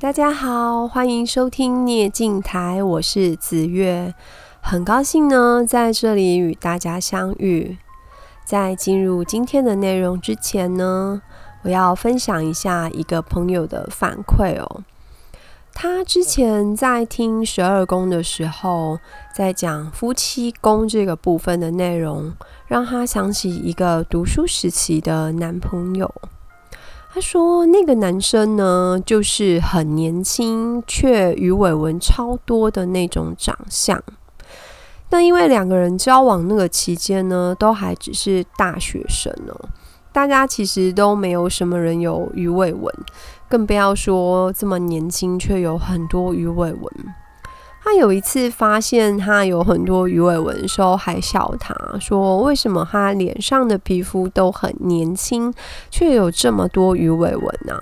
大家好，歡迎收聽《涅靜台》，我是紫玥，很高興呢在這裡與大家相遇。在進入今天的內容之前呢，我要分享一下一個朋友的反饋哦。他之前在聽十二宮的時候，在講夫妻宮這個部分的內容，讓他想起一個讀書時期的男朋友。他說：“那個男生呢，就是很年輕卻魚尾紋超多的那種長相。但因為兩個人交往那個期間呢，都還只是大學生呢，大家其實都沒有什麼人有魚尾紋，更不要說這麼年輕卻有很多魚尾紋。”他有一次發現他有很多魚尾紋的時候，還笑他說：“為什麼他臉上的皮膚都很年輕，卻有這麼多魚尾紋呢？”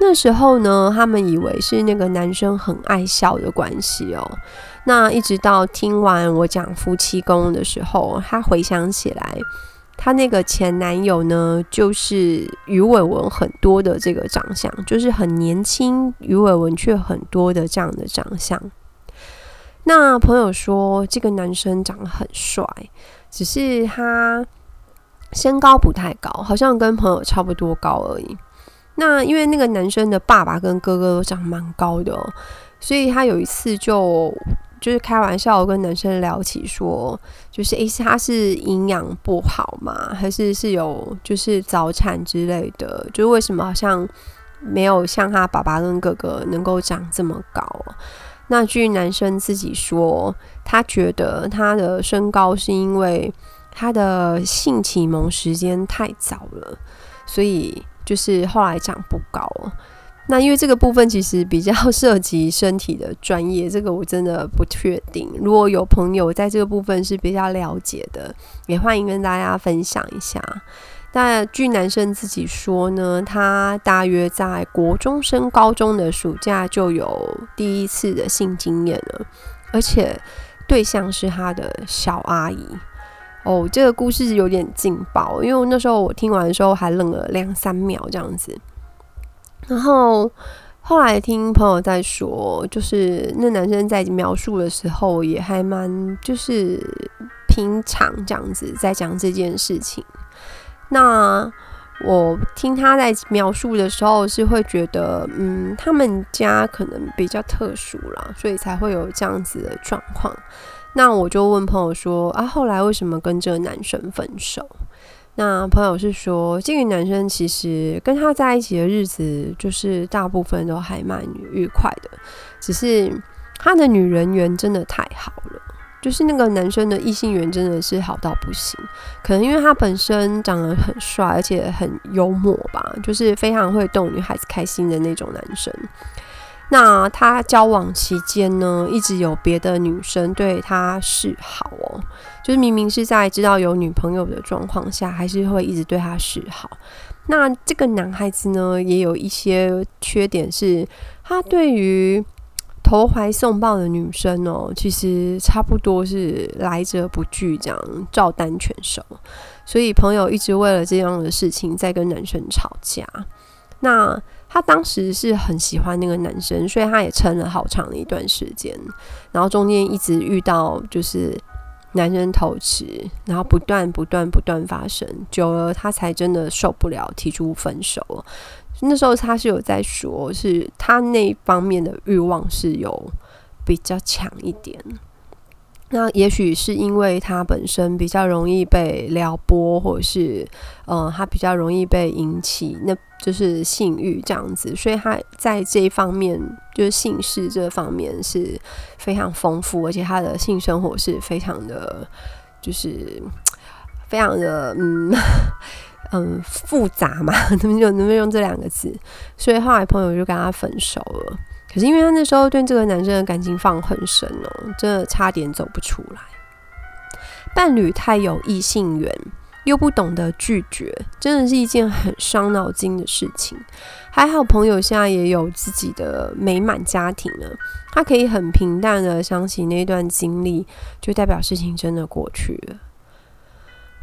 那時候呢，他們以為是那個男生很愛笑的關係哦。那一直到聽完我講夫妻宮的時候，他回想起來，他那個前男友呢，就是魚尾紋很多的這個長相，就是很年輕，魚尾紋卻很多的這樣的長相。那朋友說，這個男生長得很帥，只是他身高不太高，好像跟朋友差不多高而已。那因為那個男生的爸爸跟哥哥都長蠻高的，所以他有一次就就是開玩笑跟男生聊起說，說就是誒、欸，他是營養不好嗎？還是是有就是早產之類的？就是為什麼好像沒有像他爸爸跟哥哥能夠長這麼高？那據男生自己說，他覺得他的身高是因為他的性啟蒙時間太早了，所以就是後來長不高。那因為這個部分其實比較涉及身體的專業，這個我真的不確定。如果有朋友在這個部分是比較了解的，也歡迎跟大家分享一下。但據男生自己說呢，他大約在國中升高中的暑假就有第一次的性經驗了，而且對象是他的小阿姨。哦，這個故事有點勁爆，因為那時候我聽完的時候還愣了兩三秒這樣子。然後後來聽朋友在說，就是那男生在描述的時候也還蠻就是平常這樣子在講這件事情。那我聽他在描述的時候，是會覺得，嗯，他們家可能比較特殊啦，所以才會有這樣子的狀況。那我就問朋友說，啊，後來為什麼跟這個男生分手？那朋友是說，至於男生，其實跟他在一起的日子，就是大部分都還蠻愉快的，只是他的女人緣真的太好了。就是那個男生的異性緣真的是好到不行，可能因為他本身長得很帥，而且很幽默吧，就是非常會逗女孩子開心的那種男生。那他交往期間呢，一直有別的女生對他示好哦，就是明明是在知道有女朋友的狀況下，還是會一直對他示好。那這個男孩子呢，也有一些缺點是，是他對於。投懷送抱的女生哦，其實差不多是來者不拒，這樣照單全收。所以朋友一直為了這樣的事情在跟男生吵架。那他當時是很喜歡那個男生，所以他也撐了好長的一段時間。然後中間一直遇到就是男生偷吃，然後不斷，不斷不斷不斷發生，久了他才真的受不了，提出分手。那時候他是有在說，是他那一方面的慾望是有比較強一點。那也許是因為他本身比較容易被撩撥，或者是嗯、呃，他比較容易被引起，那就是性慾這樣子。所以他在這一方面，就是性事這方面是非常豐富，而且他的性生活是非常的，就是非常的嗯。很、嗯、複雜嘛，怎麼就能不能用這兩個字，所以後來朋友就跟他分手了。可是因為他那時候對這個男生的感情放很深哦，真的差點走不出來。伴侶太有異性緣，又不懂得拒絕，真的是一件很傷腦筋的事情。還好朋友現在也有自己的美滿家庭了，他可以很平淡的想起那段經歷，就代表事情真的過去了。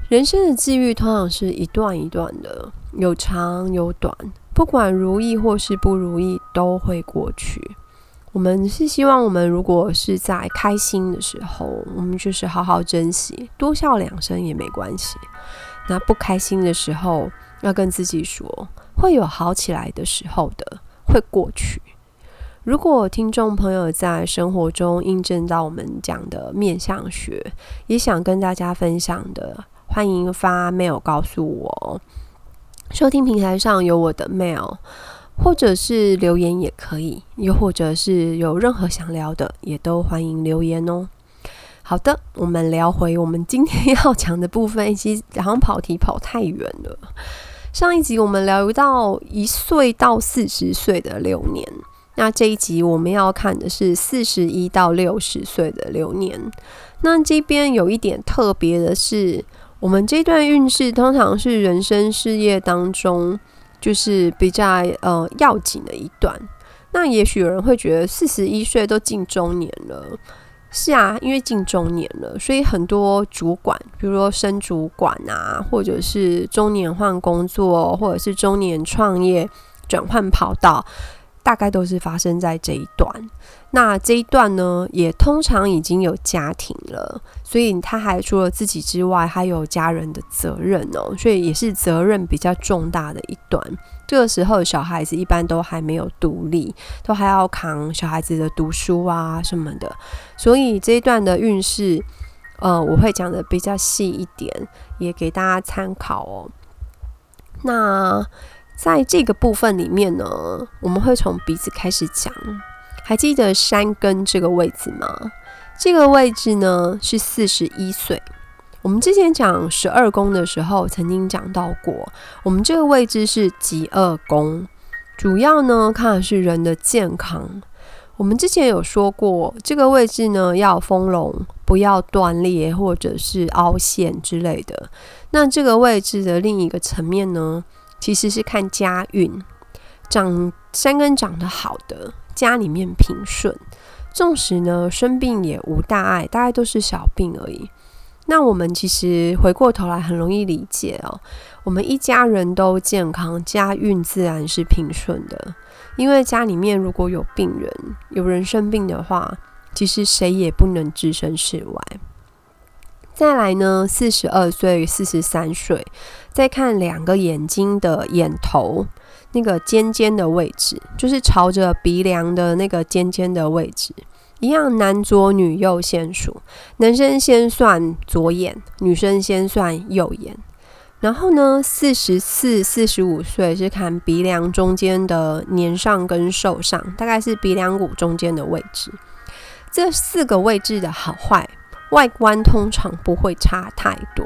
人生的際遇通常是一段一段的，有長有短，不管如意或是不如意，都會過去。我們是希望，我們如果是在開心的時候，我們就是好好珍惜，多笑兩聲也沒關係。那不開心的時候，要跟自己說，會有好起來的時候的，會過去。如果聽眾朋友在生活中印證到我們講的面相學，也想跟大家分享的。歡迎發 mail 告訴我，收聽平台上有我的 mail，或者是留言也可以，又或者是有任何想聊的，也都歡迎留言哦。好的，我們聊回我們今天要講的部分，其實好像跑題跑太遠了。上一集我們聊到一歲到四十歲的流年，那這一集我們要看的是四十一到六十歲的流年。那這邊有一點特別的是，我們這段運勢通常是人生事業當中，就是比較呃要緊的一段。那也許有人會覺得，四十一歲都進中年了，是啊，因為進中年了，所以很多主管，比如說升主管啊，或者是中年換工作，或者是中年創業轉換跑道。大概都是發生在這一段，那這一段呢，也通常已經有家庭了，所以他還除了自己之外，還有家人的責任哦，所以也是責任比較重大的一段。這個時候，小孩子一般都還沒有獨立，都還要扛小孩子的讀書啊什麼的，所以這一段的運勢，呃，我會講的比較細一點，也給大家參考哦。那。在這個部分裡面呢，我們會從鼻子開始講。還記得山根這個位置嗎？這個位置呢是四十一歲。我們之前講十二宮的時候，曾經講到過，我們這個位置是疾厄宮，主要呢看的是人的健康。我們之前有說過，這個位置呢要豐隆，不要斷裂或者是凹陷之類的。那這個位置的另一個層面呢？其實是看家運，長山根長得好的，家裡面平順，縱使呢生病也無大礙，大概都是小病而已。那我們其實回過頭來很容易理解哦，我們一家人都健康，家運自然是平順的。因為家裡面如果有病人、有人生病的話，其實誰也不能置身事外。再來呢，四十二歲、四十三歲。再看兩個眼睛的眼頭，那個尖尖的位置，就是朝着鼻梁的那個尖尖的位置，一樣男左女右先數，男生先算左眼，女生先算右眼。然後呢，四十四、四十五歲是看鼻梁中間的年上跟壽上，大概是鼻梁骨中間的位置。這四個位置的好壞，外觀通常不會差太多。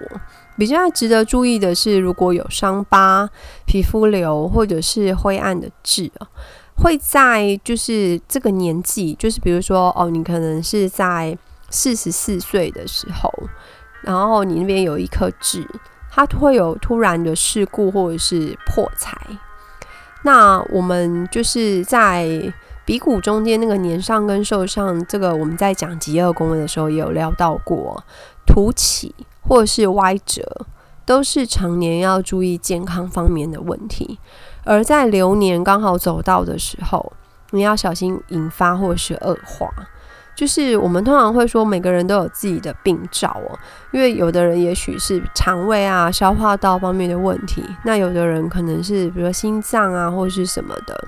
比較值得注意的是，如果有傷疤、皮膚瘤、或者是灰暗的痣啊，會在就是這個年紀，就是比如說哦，你可能是在四十四歲的時候，然後你那邊有一顆痣，它會有突然的事故或者是破財。那我們就是在。鼻骨中間那個年上跟壽上。這個我們在講疾厄宮位的時候也有聊到過，凸起或者是歪折，都是常年要注意健康方面的問題。而在流年剛好走到的時候，你要小心引發或是惡化。就是我們通常會說，每個人都有自己的病灶哦、啊，因為有的人也許是腸胃啊、消化道方面的問題，那有的人可能是比如說心臟啊或者是什麼的。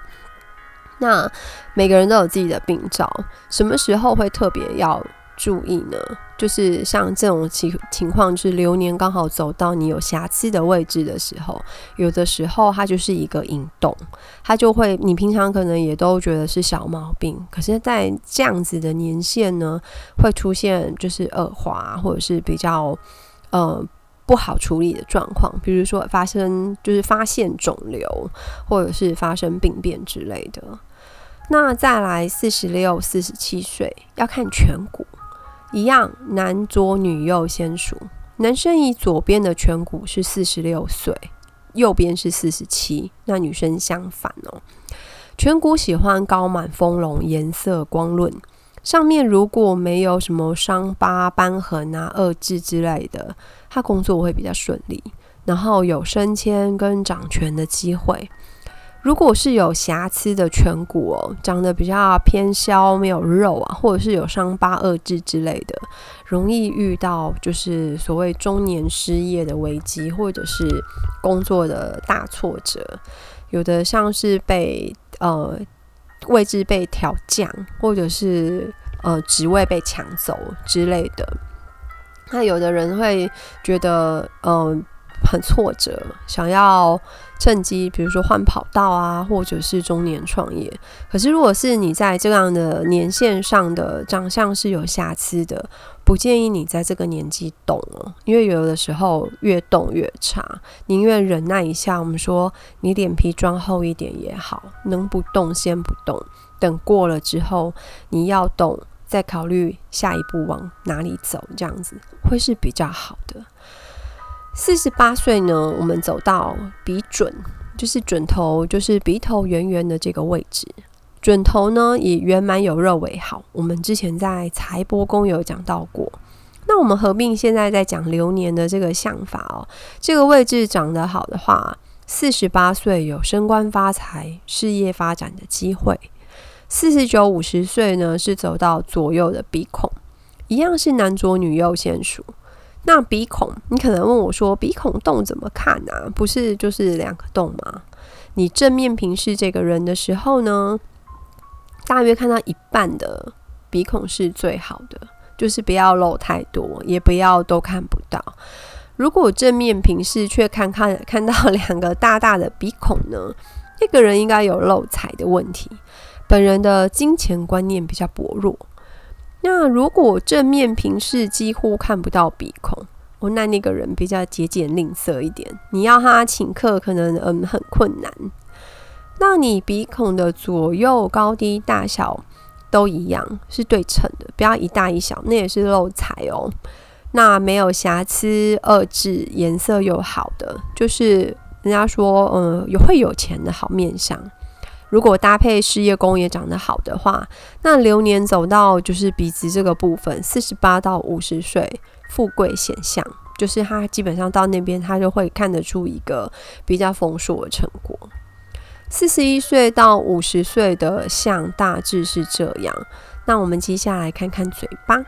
那每個人都有自己的病灶，什麼時候會特別要注意呢？就是像這種情情況，就是流年剛好走到你有瑕疵的位置的時候，有的時候它就是一個引動，它就會你平常可能也都覺得是小毛病，可是，在這樣子的年限呢，會出現就是惡化，或者是比較呃不好處理的狀況，比如說發生就是發現腫瘤，或者是發生病變之類的。那再來四十六、四十七歲，要看顴骨，一樣男左女右先數。男生以左邊的顴骨是四十六歲，右邊是四十七。那女生相反哦。顴骨喜歡高滿豐隆，顏色光潤，上面如果沒有什麼傷疤、斑痕啊、二痣之類的，他工作會比較順利，然後有升遷跟掌權的機會。如果是有瑕疵的顴骨哦，長得比較偏削，沒有肉啊，或者是有傷疤、惡痣之類的，容易遇到就是所謂中年失業的危機，或者是工作的大挫折。有的像是被呃位置被調降，或者是呃職位被搶走之類的。那有的人會覺得嗯。呃很挫折，想要趁機，比如說換跑道啊，或者是中年創業。可是，如果是你在這樣的年限上的長相是有瑕疵的，不建議你在這個年紀動哦。因為有的時候越動越差。寧願忍耐一下，我們說你臉皮裝厚一點也好，能不動先不動，等過了之後，你要動，再考慮下一步往哪裡走，這樣子會是比較好的。四十八歲呢，我們走到鼻準，就是準頭，就是鼻頭圓圓的這個位置。準頭呢，以圓滿有肉為好。我們之前在財帛宮有講到過。那我們合併現在在講流年的這個相法哦，這個位置長得好的話，四十八歲有升官發財、事業發展的機會。四十九、五十歲呢，是走到左右的鼻孔，一樣是男左女右，先數。那鼻孔，你可能問我說：“鼻孔洞怎麼看啊？不是就是兩個洞嗎？”你正面平視這個人的時候呢，大約看到一半的鼻孔是最好的，就是不要露太多，也不要都看不到。如果正面平視卻看看看到兩個大大的鼻孔呢，這、那個人應該有漏財的問題，本人的金錢觀念比較薄弱。那如果正面平視幾乎看不到鼻孔哦，那那個人比較節儉吝嗇一點，你要他請客可能嗯很困難。那你鼻孔的左右高低大小都一樣是對稱的，不要一大一小，那也是漏財哦。那沒有瑕疵惡痣，顏色又好的，就是人家說嗯也會有錢的好面相。如果搭配事業宮也長得好的話，那流年走到就是鼻子這個部分，四十八到五十歲，富貴顯象，就是他基本上到那邊他就會看得出一個比較豐碩的成果。四十一歲到五十歲的像大致是這樣，那我們接下來看看嘴巴。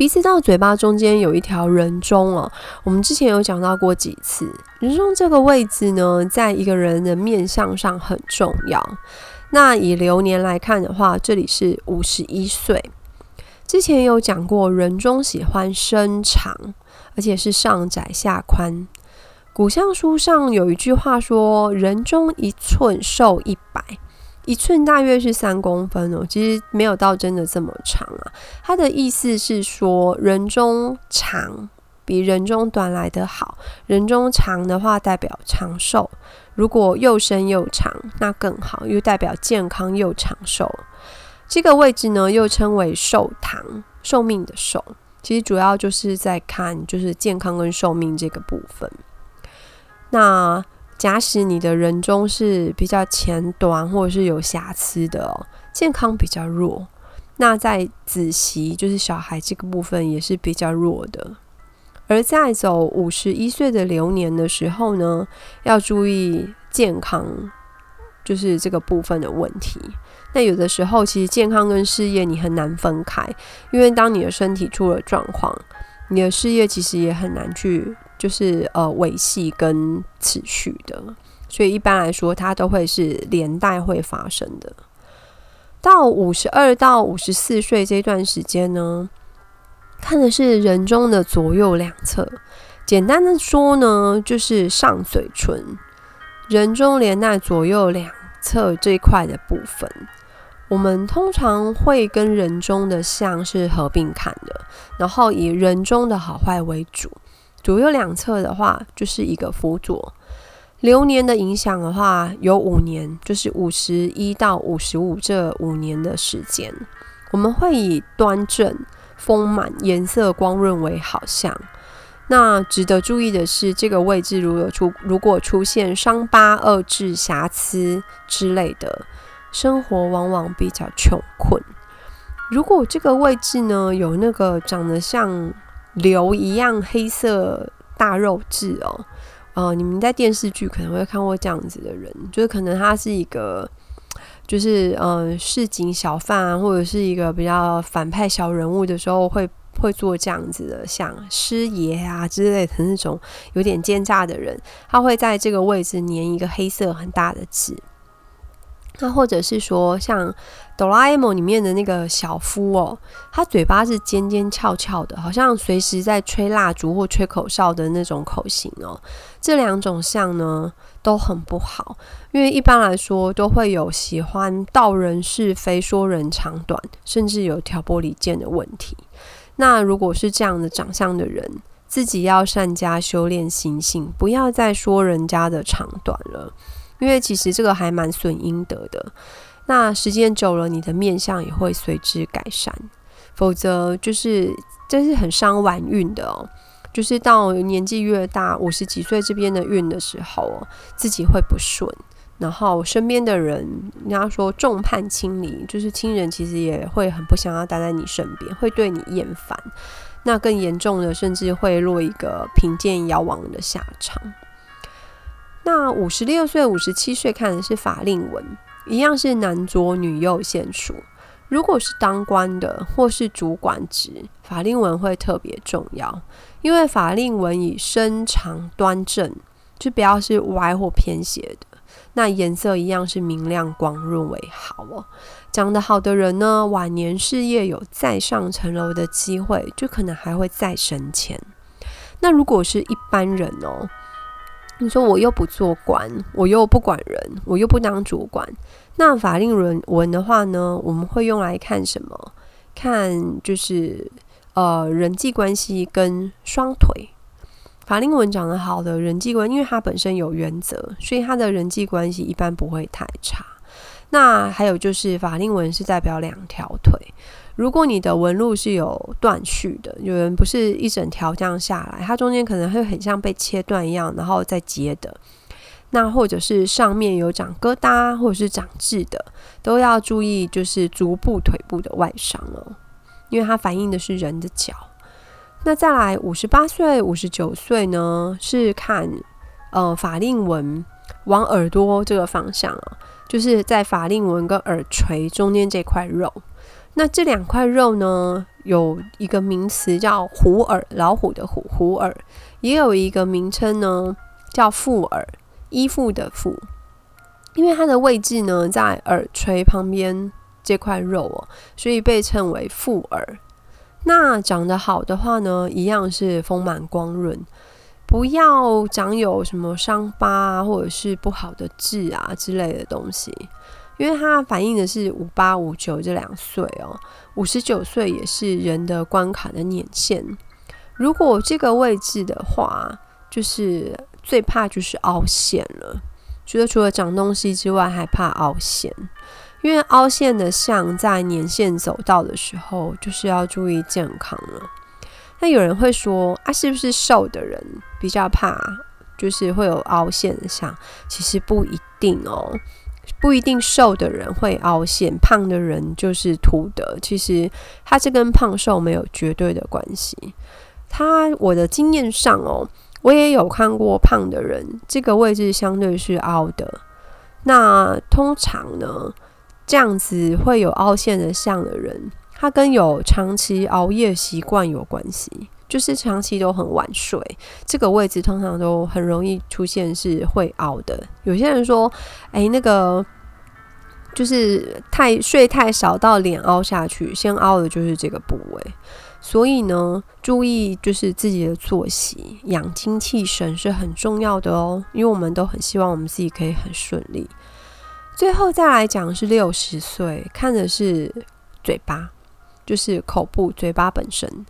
鼻子到嘴巴中間有一條人中哦，我們之前有講到過幾次。人中這個位置呢，在一個人的面相上很重要。那以流年來看的話，這裡是五十一歲。之前有講過，人中喜歡深長，而且是上窄下寬。古相書上有一句話說：“人中一寸，壽一百。”一寸大約是三公分哦，其實沒有到真的這麼長啊。它的意思是說，人中長比人中短來得好。人中長的話，代表長壽。如果又深又長，那更好，又代表健康又長壽。這個位置呢，又稱為壽堂，壽命的壽。其實主要就是在看，就是健康跟壽命這個部分。那。假使你的人中是比較淺短，或者是有瑕疵的，健康比較弱，那在子息就是小孩這個部分也是比較弱的，而在走五十一歲的流年的時候呢，要注意健康，就是這個部分的問題。那有的時候其實健康跟事業你很難分開，因為當你的身體出了狀況，你的事業其實也很難去。就是呃維繫跟持續的，所以一般來說它都會是連帶會發生的。到五十二到五十四歲這段時間呢，看的是人中的左右兩側。簡單的說呢，就是上嘴唇、人中連帶左右兩側這一塊的部分，我們通常會跟人中的相是合併看的，然後以人中的好壞為主。左右兩側的話，就是一個輔佐。流年的影響的話，有五年，就是五十一到五十五這五年的時間，我們會以端正、豐滿、顏色光潤為好相。那值得注意的是，這個位置如有出，如果出現傷疤、惡痣瑕疵之類的，生活往往比較窮困。如果這個位置呢，有那個長得像。留一樣黑色大肉痣哦，哦、呃，你們在電視劇可能會看過這樣子的人，就是可能他是一個，就是嗯、呃、市井小販啊，或者是一個比較反派小人物的時候會，會會做這樣子的，像師爺啊之類的那種有點奸詐的人，他會在這個位置粘一個黑色很大的痣。那、啊、或者是說，像哆啦 A 夢裡面的那個小夫哦，他嘴巴是尖尖翹翹的，好像隨時在吹蠟燭或吹口哨的那種口型哦。這兩種相呢都很不好，因為一般來說都會有喜歡道人是非、說人長短，甚至有挑撥離間的問題。那如果是這樣的長相的人，自己要善加修煉心性，不要再說人家的長短了。因為其實這個還蠻損陰德的，那時間久了，你的面相也會隨之改善。否則就是這是很傷晚運的哦，就是到年紀越大，五十幾歲這邊的運的時候哦，自己會不順，然後身邊的人，人家說眾叛親離，就是親人其實也會很不想要待在你身邊，會對你厭煩。那更嚴重的，甚至會落一個貧賤夭亡的下場。那五十六歲、五十七歲看的是法令紋，一樣是男左女右先數。如果是當官的或是主管職，法令紋會特別重要，因為法令紋以深長端正，就不要是歪或偏斜的。那顏色一樣是明亮光潤為好哦。講得好的人呢，晚年事業有再上層樓的機會，就可能還會再升遷。那如果是一般人哦。你說我又不做官，我又不管人，我又不當主管。那法令紋紋的話呢？我們會用來看什麼？看就是呃人際關係跟雙腿。法令紋長得好的人際關係，因為他本身有原則，所以他的人際關係一般不會太差。那還有就是法令紋是代表兩條腿，如果你的紋路是有斷續的，有人不是一整條這樣下來，它中間可能會很像被切斷一樣，然後再接的。那或者是上面有長疙瘩，或者是長痣的，都要注意，就是足部、腿部的外傷了，因為它反映的是人的腳。那再來五十八歲、五十九歲呢，是看呃法令紋往耳朵這個方向哦、啊。就是在法令紋跟耳垂中間這塊肉，那這兩塊肉呢，有一個名詞叫虎耳，老虎的虎，虎耳，也有一個名稱呢叫副耳，依附的附，因為它的位置呢在耳垂旁邊這塊肉哦，所以被稱為副耳。那長得好的話呢，一樣是豐滿光潤。不要長有什麼傷疤啊，或者是不好的痣啊之類的東西，因為它反映的是五八五九這兩歲哦，五十九歲也是人的關卡的年限。如果這個位置的話，就是最怕就是凹陷了，覺得除了長東西之外，還怕凹陷，因為凹陷的相在年限走到的時候，就是要注意健康了。那有人會說啊，是不是瘦的人比較怕，就是會有凹陷的相，其實不一定哦，不一定瘦的人會凹陷，胖的人就是凸的。其實他這跟胖瘦沒有絕對的關係。他我的經驗上哦，我也有看過胖的人，這個位置相對是凹的。那通常呢，這樣子會有凹陷的相的人。它跟有長期熬夜習慣有關係，就是長期都很晚睡，這個位置通常都很容易出現是會凹的。有些人說，哎、欸，那個就是太睡太少，到臉凹下去，先凹的就是這個部位。所以呢，注意就是自己的作息，養精氣神是很重要的哦。因為我們都很希望我們自己可以很順利。最後再來講是六十歲，看的是嘴巴。就是口部、嘴巴本身，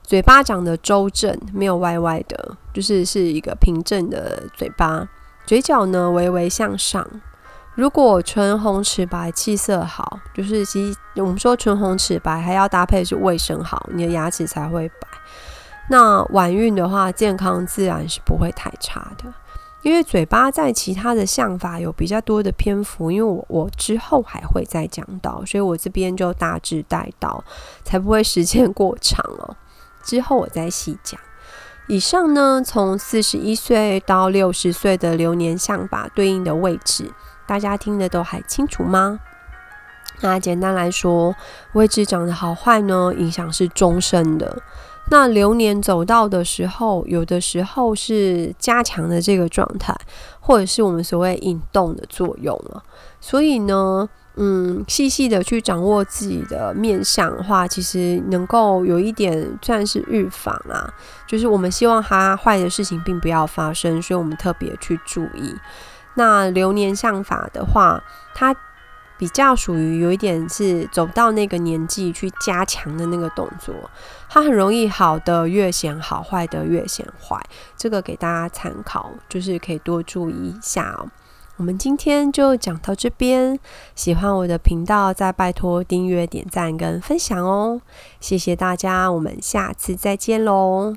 嘴巴長得周正，沒有歪歪的，就是是一個平正的嘴巴，嘴角呢微微向上。如果唇紅齒白，氣色好，就是及我們說唇紅齒白，還要搭配是衛生好，你的牙齒才會白。那晚運的話，健康自然是不會太差的。因為嘴巴在其他的相法有比較多的篇幅，因為我我之後還會再講到，所以我這邊就大致帶到，才不會時間過長哦。之後我再細講。以上呢，從四十一歲到六十歲的流年相法對應的位置，大家聽得都還清楚嗎？那簡單來說，位置長得好壞呢，影響是終身的。那流年走到的時候，有的時候是加強的這個狀態，或者是我們所謂引動的作用了。所以呢，嗯，細細的去掌握自己的面相的話，其實能夠有一點算是預防啊，就是我們希望它壞的事情並不要發生，所以我們特別去注意。那流年相法的話，它。比較屬於有一點是走不到那個年紀去加強的那個動作，它很容易好的越顯好，壞的越顯壞。這個給大家參考，就是可以多注意一下哦。我們今天就講到這邊，喜歡我的頻道再拜託訂閱、點讚跟分享哦，謝謝大家，我們下次再見嘍。